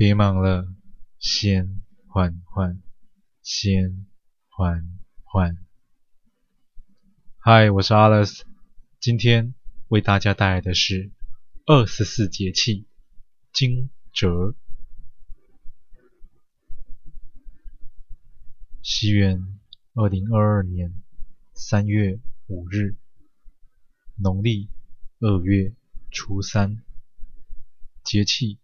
別忙了，先緩緩，先緩緩。嗨，我是 Alice，今天為大家帶來的是二十四節氣驚蟄。西元二零二二年三月五日，農曆二月初三，節氣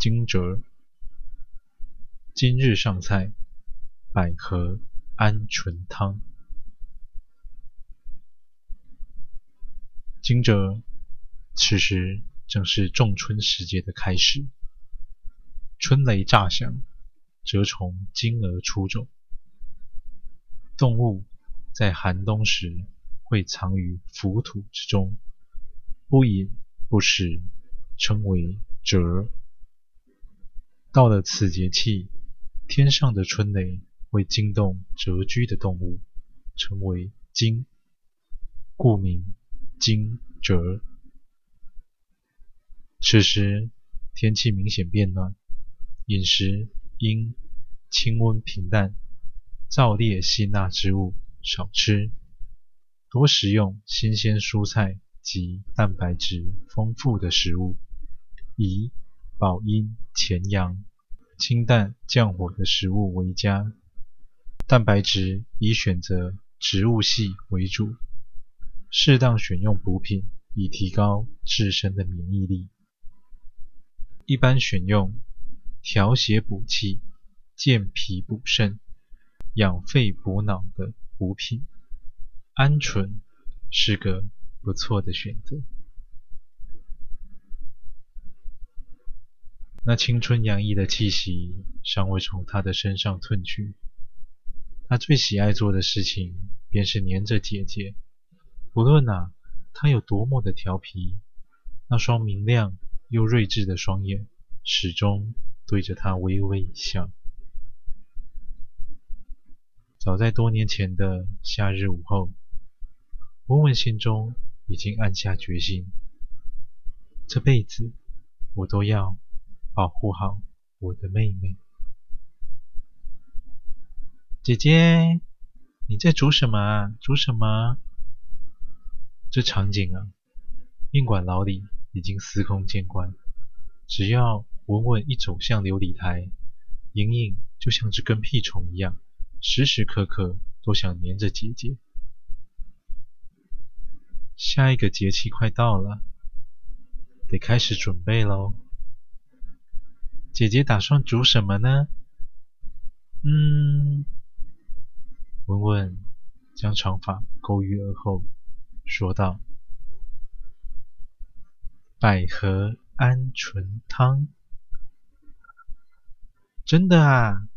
驚蟄。今日上菜，百合鵪鶉湯。驚蟄，此時正是仲春時節的開始，春雷乍響，蟄蟲驚而出走。動物在寒冬時會藏於伏土之中，不飲不食，稱為蟄。到了此節氣，天上的春雷會驚動蟄居的動物，稱為驚，故名驚蟄。此時天氣明顯變暖，飲食應清溫平淡，燥烈辛辣之物少吃，多食用新鮮蔬菜及蛋白質豐富的食物，以保陰潛陽。清淡降火的食物為佳，蛋白質以選擇植物系為主，適當選用補品以提高自身的免疫力。一般選用調血補氣、健脾補腎、養肺補腦的補品，鵪鶉是個不錯的選擇。那青春洋溢的氣息尚未從他的身上褪去。他最喜愛做的事情便是黏着姐姐，不論哪、啊，他有多麼的調皮，那雙明亮又睿智的雙眼始終對着他微微一笑。早在多年前的夏日午後，文文心中已經暗下決心，這輩子我都要。保護好我的妹妹。姐姐，你在煮什麼啊？煮什麼？這場景啊，麵館老李已經司空見慣。只要文文一走向流理台，瑩瑩就像只跟屁蟲一樣，時時刻刻都想黏着姐姐。下一個節氣快到了，得開始準備嘍。姐姐打算煮什麼呢？嗯，文文將長髮勾於耳後，說道：“百合鵪鶉湯。”真的啊？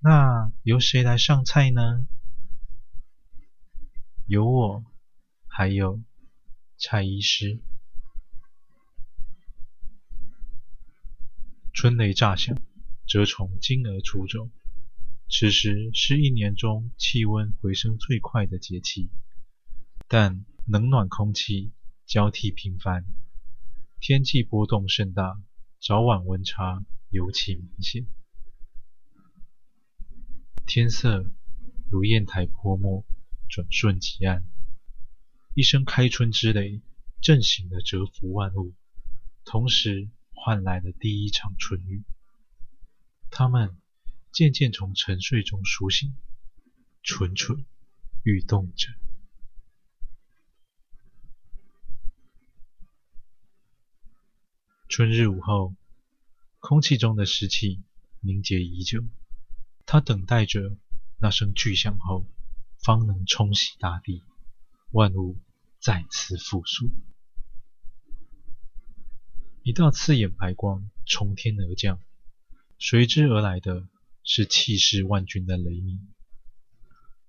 那由誰來上菜呢？由我，還有蔡醫師。春雷乍響，蟄蟲驚而出走。此時是一年中氣溫回升最快的節氣，但冷暖空氣交替頻繁，天氣波動甚大，早晚溫差尤其明顯。天色如硯台潑墨，轉瞬即暗。一聲開春之雷，震醒了蟄伏萬物，同時，換來的第一場春雨，他們漸漸從沉睡中甦醒，蠢蠢欲動着。春日午後，空氣中的濕氣凝結已久，它等待着那聲巨響後，方能沖洗大地，萬物再次復甦。一道刺眼白光從天而降，隨之而來的是氣勢萬鈞的雷鳴。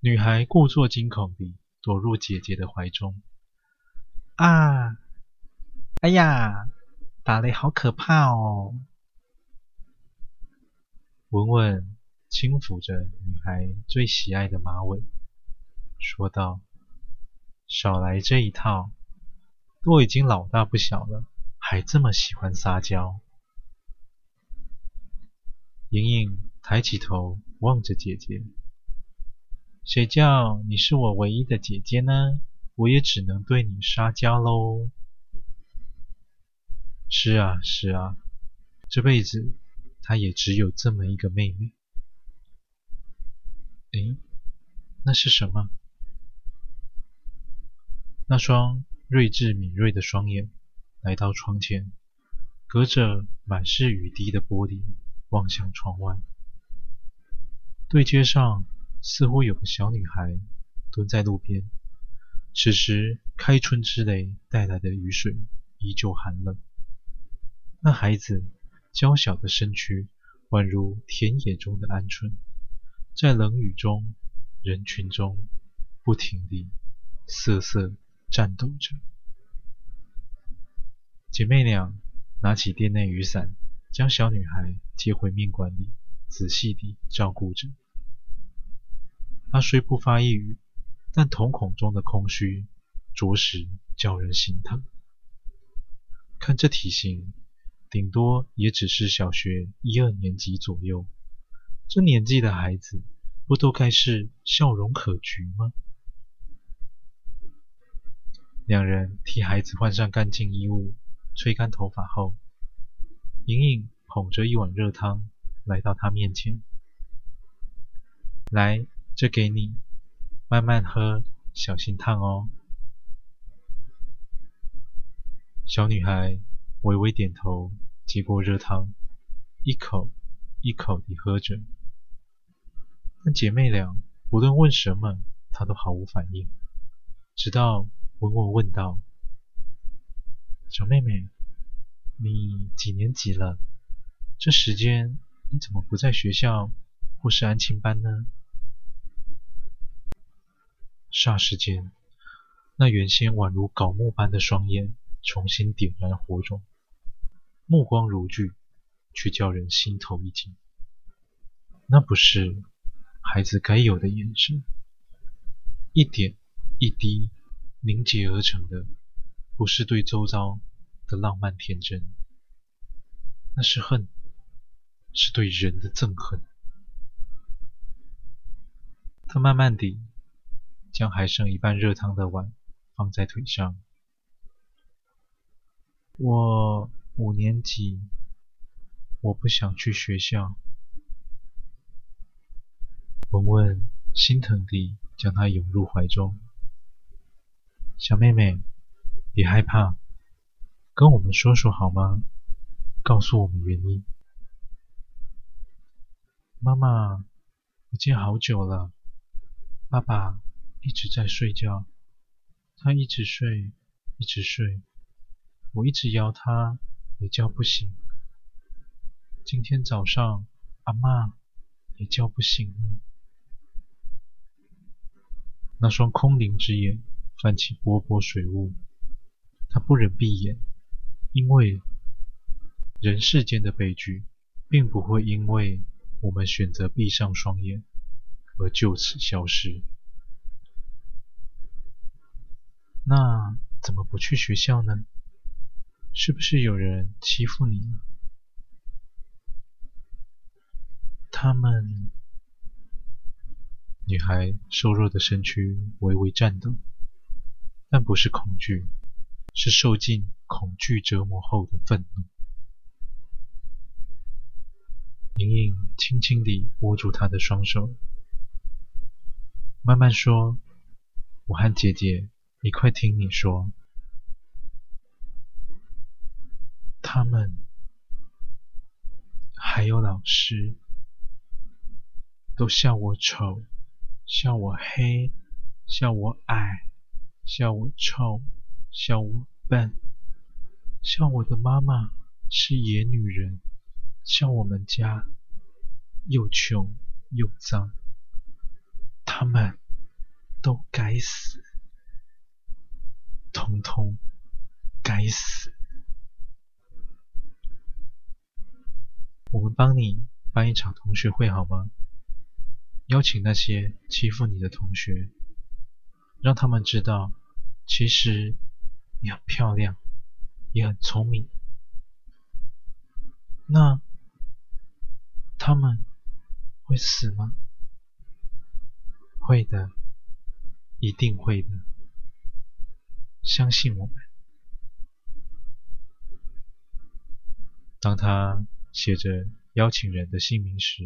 女孩故作驚恐地躲入姐姐的懷中。“啊，哎呀，打雷好可怕哦！”文文輕撫着女孩最喜愛的馬尾，說道：“少來這一套，都已經老大不小了。”還這麼喜歡撒嬌？瑩瑩抬起頭望着姐姐。誰叫你是我唯一的姐姐呢？我也只能對你撒嬌嘍。是啊，是啊，這輩子她也只有這麼一個妹妹。誒，那是什麼？那雙睿智敏銳的雙眼，來到窗前，隔着滿是雨滴的玻璃，望向窗外。對街上似乎有個小女孩蹲在路邊。此時開春之雷帶來的雨水依舊寒冷，那孩子嬌小的身軀宛如田野中的鵪鶉，在冷雨中、人群中不停地瑟瑟顫抖着。姐妹倆拿起店內雨傘，將小女孩接回麵館裡，仔細地照顧着。她雖不發一語，但瞳孔中的空虛，着實叫人心疼。看這體型，頂多也只是小學一二年級左右。這年紀的孩子，不都該是笑容可掬嗎？兩人替孩子換上乾淨衣物。吹乾頭髮後，瑩瑩捧着一碗熱湯來到她面前：“來，這給你，慢慢喝，小心燙哦。”小女孩微微點頭，接過熱湯，一口一口地喝着。但姐妹倆無論問什麼，她都毫無反應，直到文文問道。小妹妹，你幾年級了？這時間你怎麼不在學校或是安親班呢？霎時間，那原先宛如槁木般的雙眼重新點燃火種，目光如炬，卻叫人心頭一驚。那不是孩子該有的眼神，一點一滴凝結而成的。不是對周遭的浪漫天真，那是恨，是對人的憎恨。她慢慢地將還剩一半熱湯的碗放在腿上。我五年級，我不想去學校。文文心疼地將她擁入懷中。小妹妹。別害怕，跟我們說說好嗎？告訴我們原因。媽媽已經好久了，爸爸一直在睡覺，他一直睡，一直睡，我一直搖他，也叫不醒。今天早上，阿嬤也叫不醒了。那雙空靈之眼泛起波波水霧。他不忍閉眼，因為人世間的悲劇並不會因為我們選擇閉上雙眼而就此消失。那怎麼不去學校呢？是不是有人欺負你了？他們……女孩瘦弱的身軀微微顫抖，但不是恐懼。是受盡恐懼折磨後的憤怒。瑩瑩輕輕地握住她的雙手，慢慢說：“我和姐姐，一塊聽妳說，他們還有老師，都笑我醜，笑我黑，笑我矮，笑我臭。”笑我笨，笑我的媽媽是野女人，笑我們家又窮又髒，他們都該死，通通該死。我們幫你辦一場同學會好嗎？邀請那些欺負你的同學，讓他們知道，其實。也很漂亮，也很聰明。那他們會死嗎？會的，一定會的。相信我們。當她寫着邀請人的姓名時，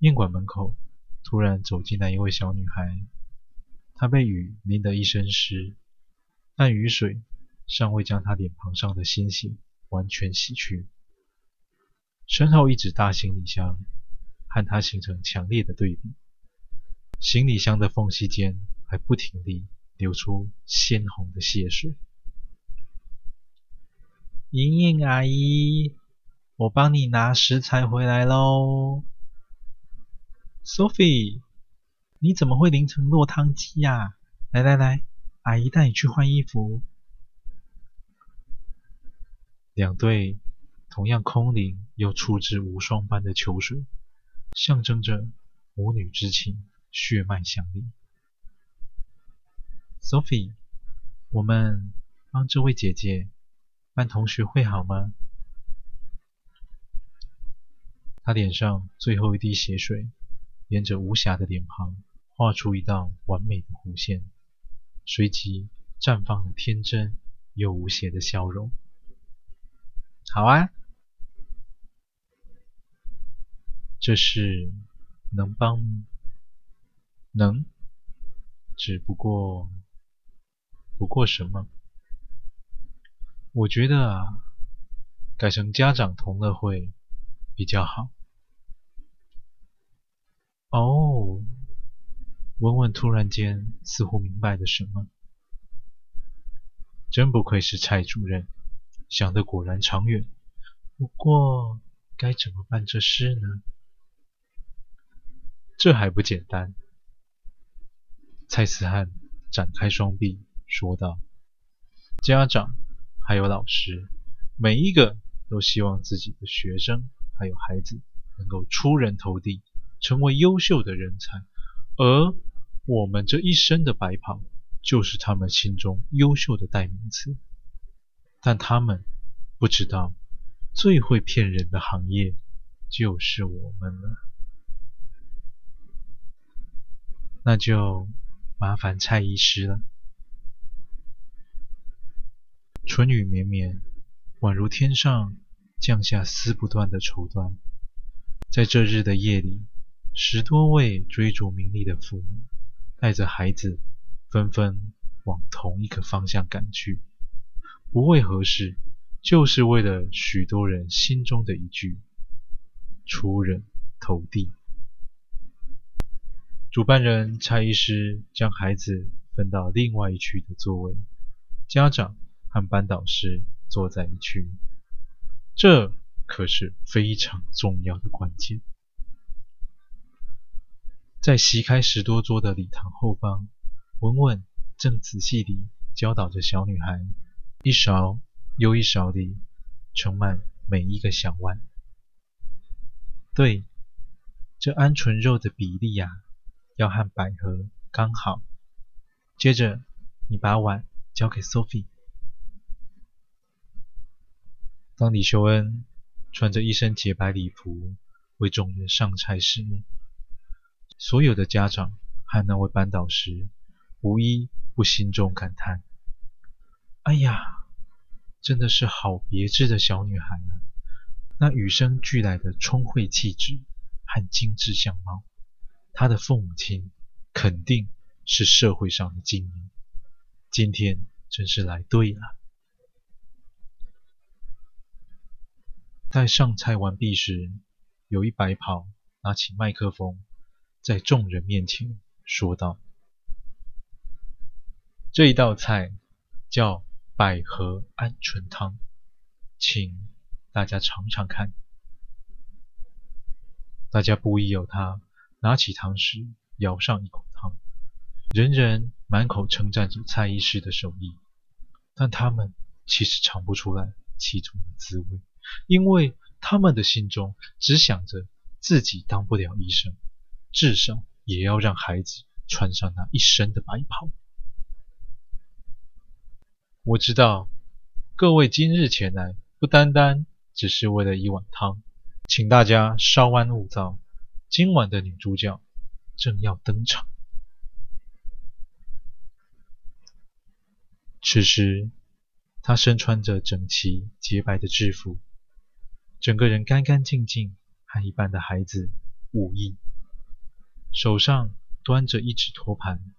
麵館門口突然走進來一位小女孩，她被雨淋得一身濕。但雨水尚未將他臉龐上的鮮血完全洗去，身後一只大行李箱和他形成強烈的對比，行李箱的縫隙間還不停地流出鮮紅的血水。瑩瑩阿姨，我幫你拿食材回來嘍。Sophie，你怎麼會淋成落湯雞呀、啊？來來來。阿姨帶你去換衣服。兩對同樣空靈又出自無雙般的秋水，象徵着母女之情，血脈相連。Sophie，我們幫這位姐姐辦同學會好嗎？她臉上最後一滴血水，沿着無瑕的臉龐，畫出一道完美的弧線。隨即綻放了天真又無邪的笑容。好啊，這事能幫嗎？能，只不過，不過什麼？我覺得啊，改成家長同樂會比較好。哦。文文突然間似乎明白了什麼，真不愧是蔡主任，想的果然長遠。不過該怎麼辦這事呢？這還不簡單！蔡思瀚展開雙臂說道：“家長還有老師，每一個都希望自己的學生還有孩子能夠出人頭地，成為優秀的人才，而……”我們這一身的白袍，就是他們心中優秀的代名詞。但他們不知道，最會騙人的行業就是我們了。那就麻煩蔡醫師了。春雨綿綿，宛如天上降下撕不斷的綢緞。在這日的夜裡，十多位追逐名利的父母。帶着孩子紛紛往同一個方向趕去，不為何事，就是為了許多人心中的一句“出人頭地”。主辦人蔡醫師將孩子分到另外一區的座位，家長和班導師坐在一區，這可是非常重要的關鍵。在席開十多桌的禮堂後方，文文正仔細地教導着小女孩，一勺又一勺地盛滿每一個小碗。對，這鵪鶉肉的比例呀、啊，要和百合剛好。接着，你把碗交給 Sophie。當李修恩穿着一身潔白禮服為眾人上菜時，所有的家長和那位班導師，無一不心中感嘆：“哎呀，真的是好別致的小女孩啊！那與生俱來的聰慧氣質和精致相貌，她的父母親肯定是社會上的精英。今天真是來對了。”待上菜完畢時，有一白袍拿起麥克風。在眾人面前說道：“這一道菜叫百合鵪鶉湯，請大家嚐嚐看。”大家不疑有他，拿起湯匙舀上一口湯，人人滿口稱讚着蔡醫師的手藝。但他們其實嚐不出來其中的滋味，因為他們的心中只想着自己當不了醫生。至少也要讓孩子穿上那一身的白袍。我知道各位今日前來不單單只是為了一碗湯，請大家稍安勿躁，今晚的女主角正要登場。此時，她身穿着整齊潔白的制服，整個人乾干淨淨，和一般的孩子無異。手上端着一隻托盤，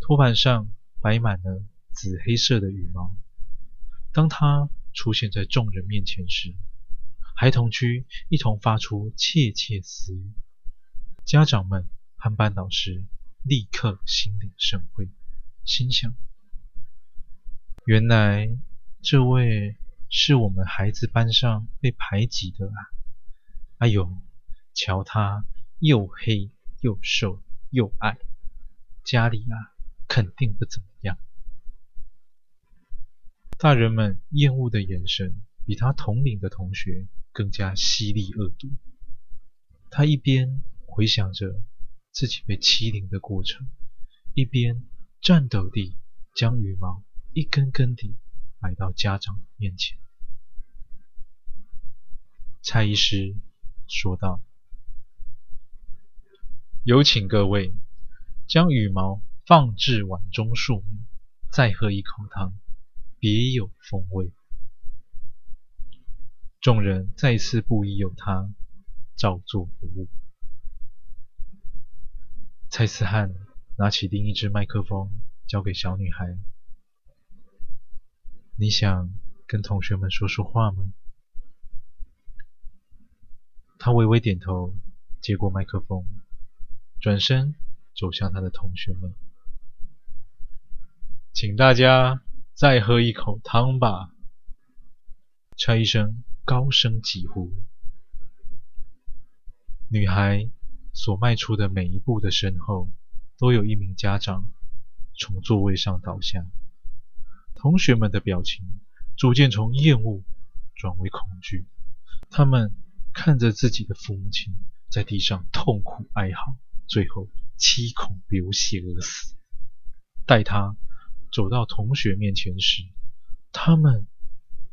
托盤上擺滿了紫黑色的羽毛。當他出現在眾人面前時，孩童區一同發出竊竊私語，家長們和班老師立刻心領神會，心想：原來這位是我們孩子班上被排擠的啊！哎喲，瞧他又黑，又瘦又矮，家裡啊肯定不怎麼樣。大人們厭惡的眼神比他同齡的同學更加犀利惡毒。他一邊回想着自己被欺凌的過程，一邊顫抖地將羽毛一根根地擺到家長的面前。蔡醫師說道。有請各位將羽毛放至碗中數秒，再喝一口湯，別有風味。眾人再次不疑有他，照做不誤。蔡思瀚拿起另一隻麥克風，交給小女孩：“你想跟同學們說說話嗎？”她微微點頭，接過麥克風。轉身走向他的同學們，請大家再喝一口湯吧！蔡醫生高聲疾呼。女孩所邁出的每一步的身後，都有一名家長從座位上倒下。同學們的表情逐漸從厭惡轉為恐懼，他們看着自己的父母親在地上痛苦哀嚎。最後七孔流血而死。待他走到同學面前時，他們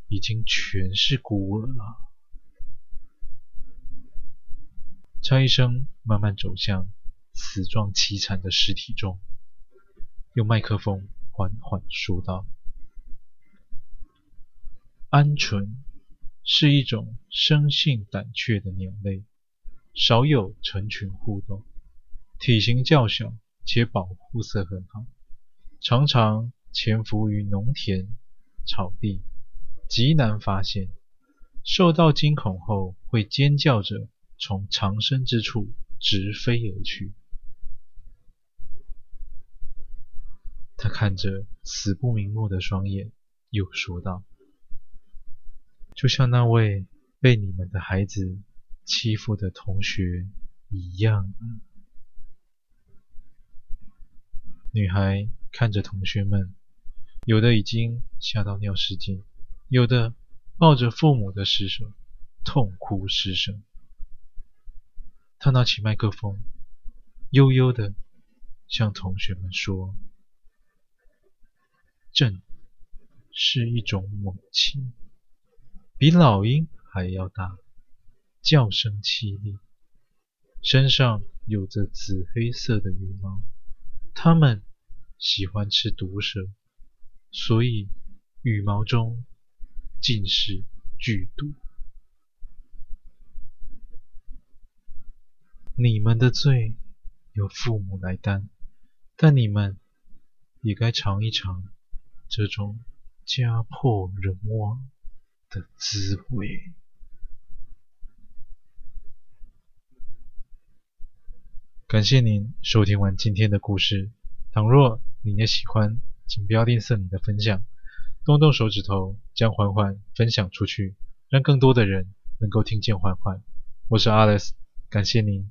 已經全是孤兒了。蔡醫生慢慢走向死狀淒慘的屍體中，用麥克風緩緩說道：“鵪鶉是一種生性膽怯的鳥類，少有成群互動。”體型較小，且保護色很好，常常潛伏於農田、草地，極難發現。受到驚恐後，會尖叫着從藏身之處直飛而去。他看着死不瞑目的雙眼，又說道：“就像那位被你們的孩子欺負的同學一樣啊。”女孩看着同學們，有的已經嚇到尿失禁，有的抱着父母的屍首痛哭失聲。她拿起麥克風，悠悠的向同學們說：“鴆是一種猛禽，比老鷹還要大，叫聲淒厲，身上有着紫黑色的羽毛。”他們喜歡吃毒蛇，所以羽毛中盡是劇毒。你們的罪由父母來擔，但你們也該嘗一嘗這種家破人亡的滋味。感謝您收聽完今天的故事。倘若你也喜歡，請不要吝嗇你的分享，動動手指頭將環環分享出去，讓更多的人能夠聽見環環。我是 Alice，感謝您。